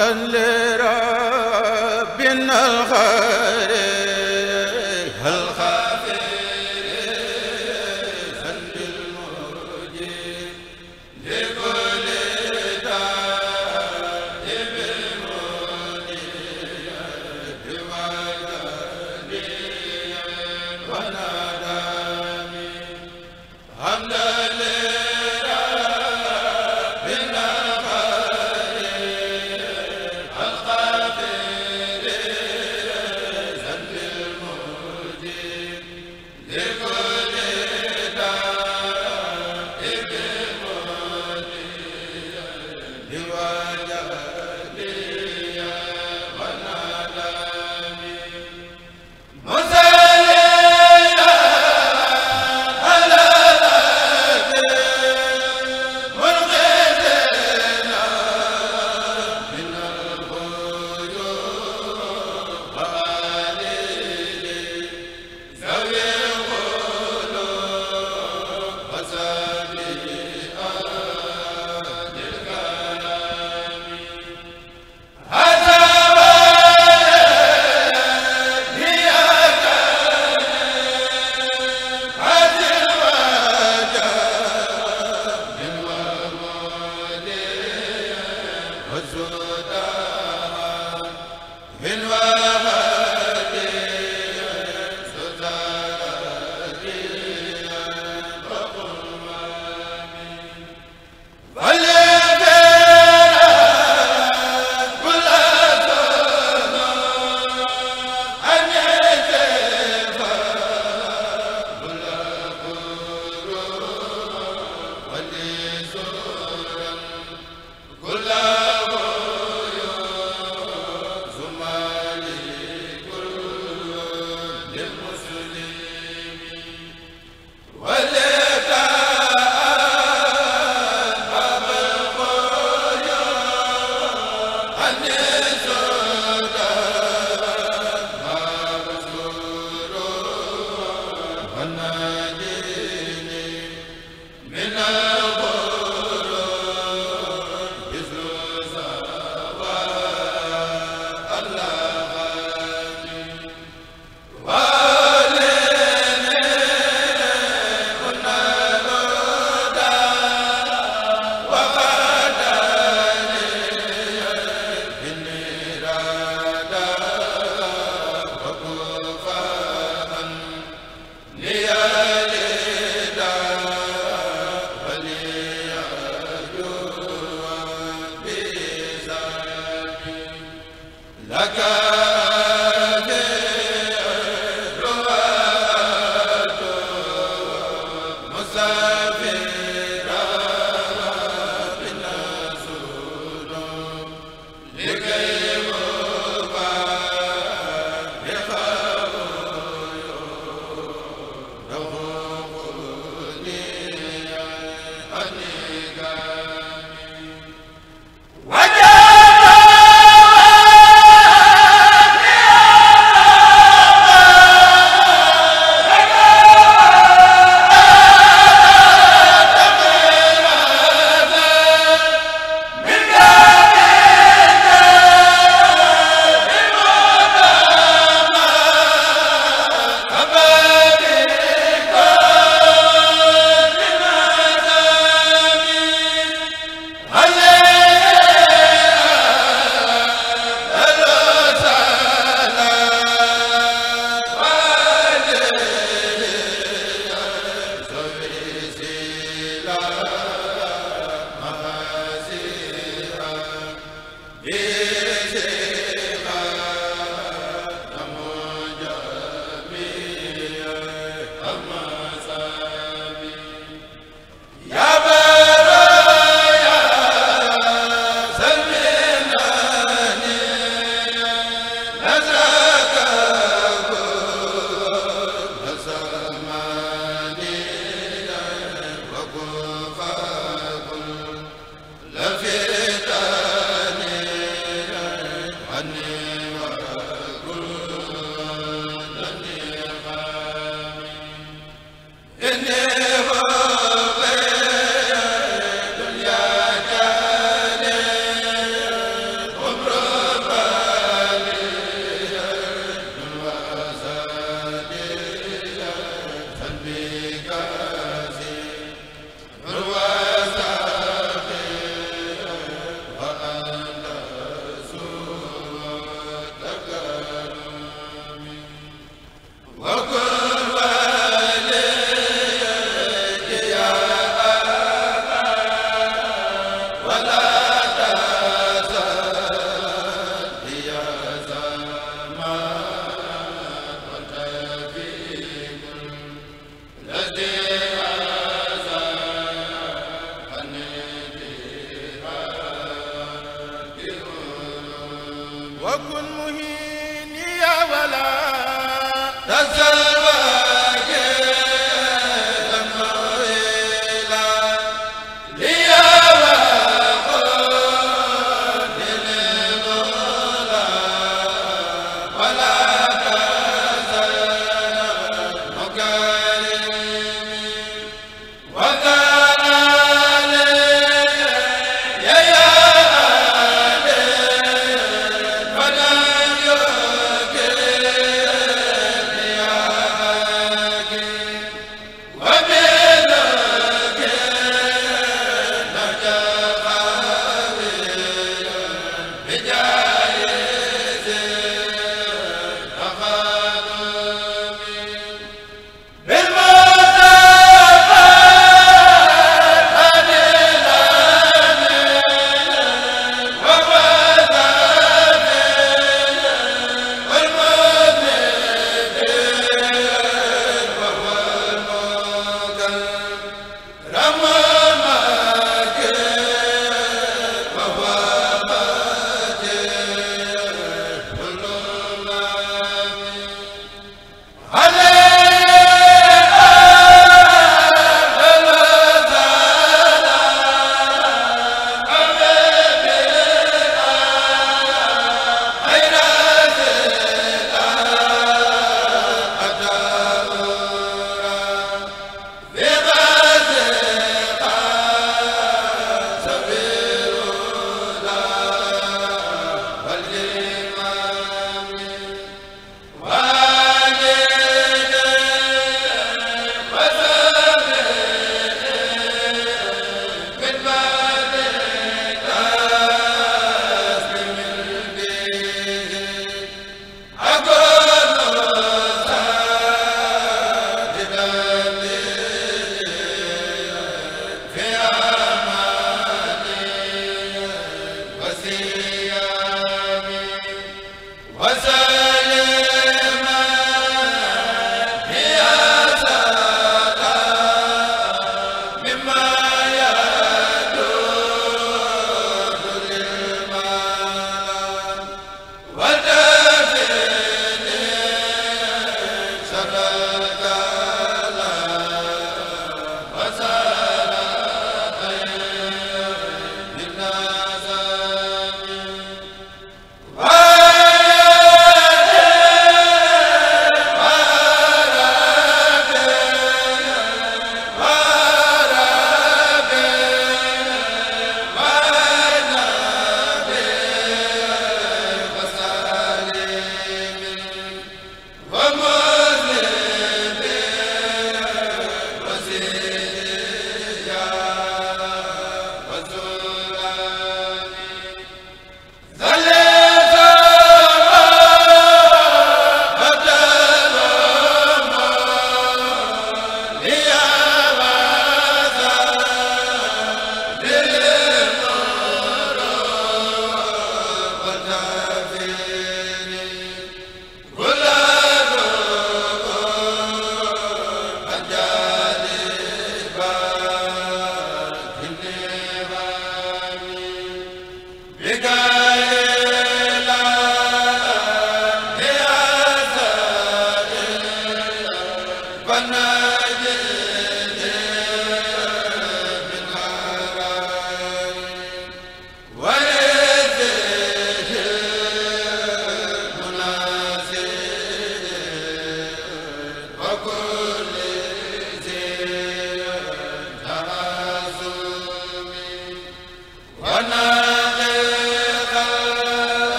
abdan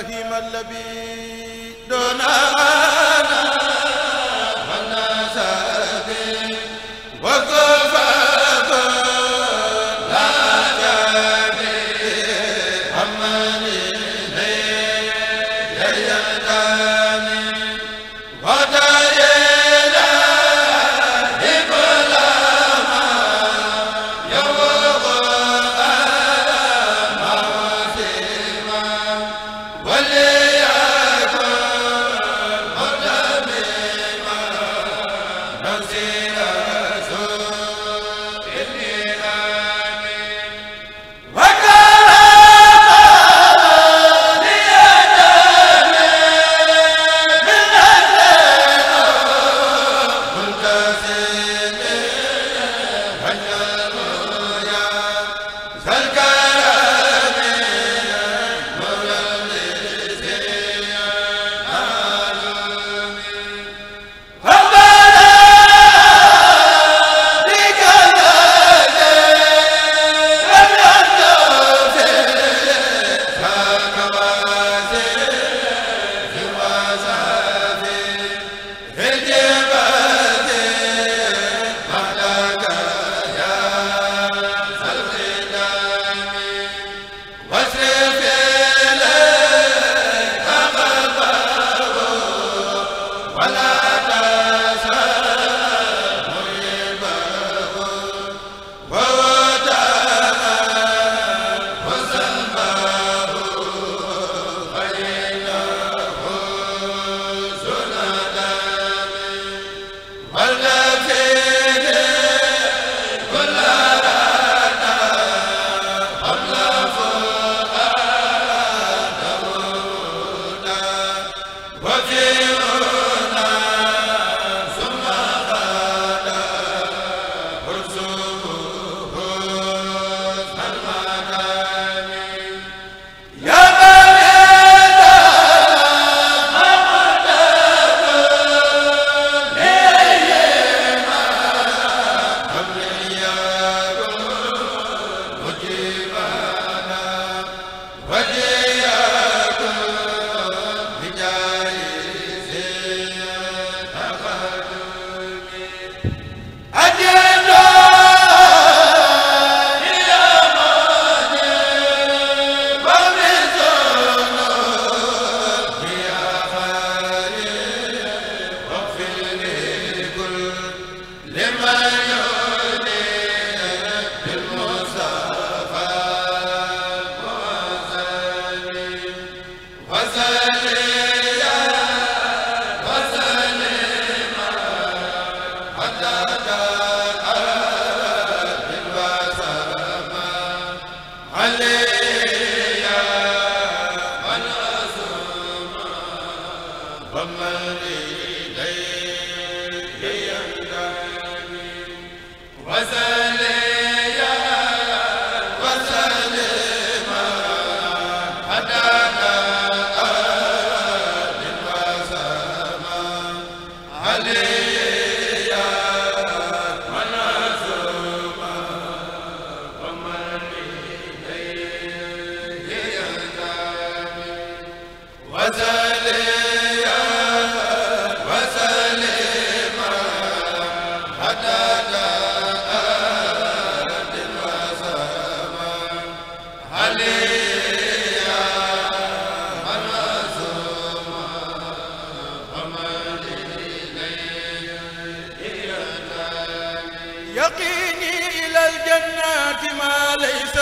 إبراهيم الذي دنا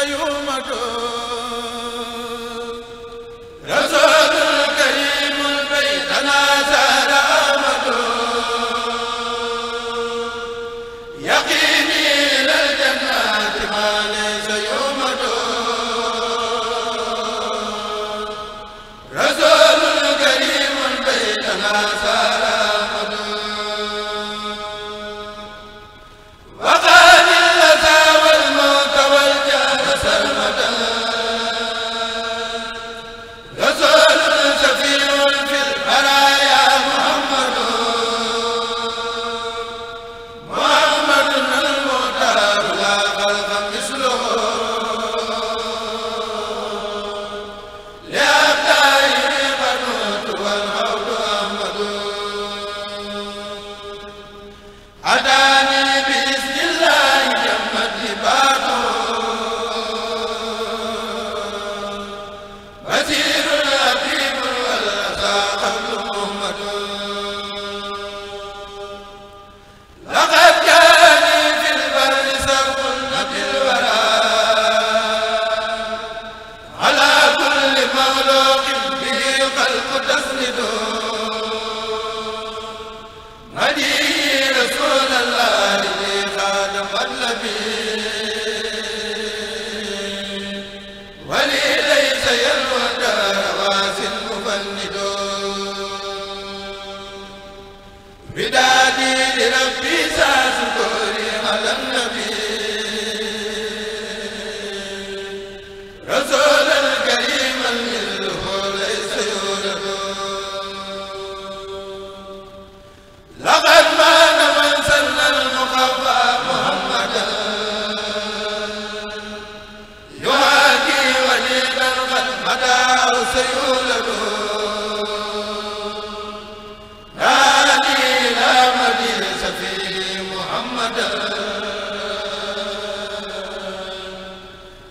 yumatu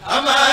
ama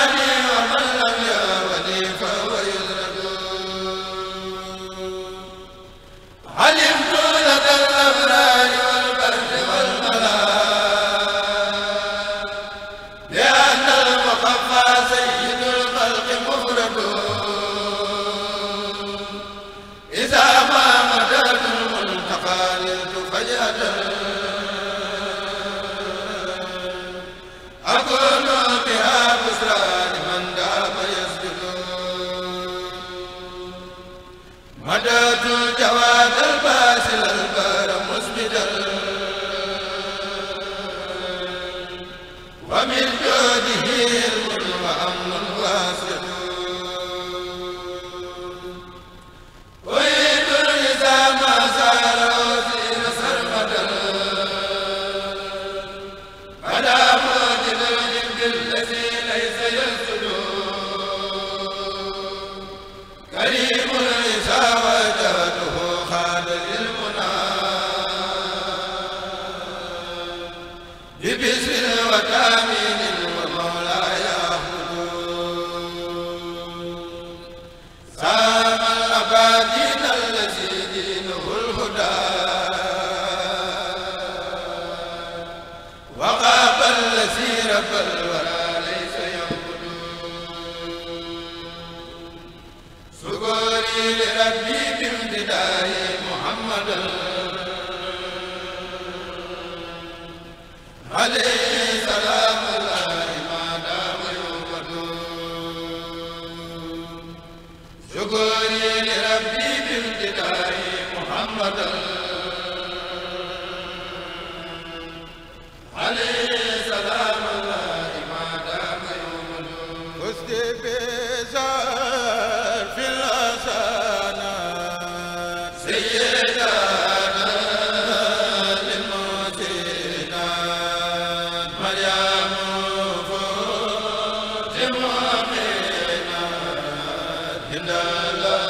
bi bismil wa taamini limaqina inda la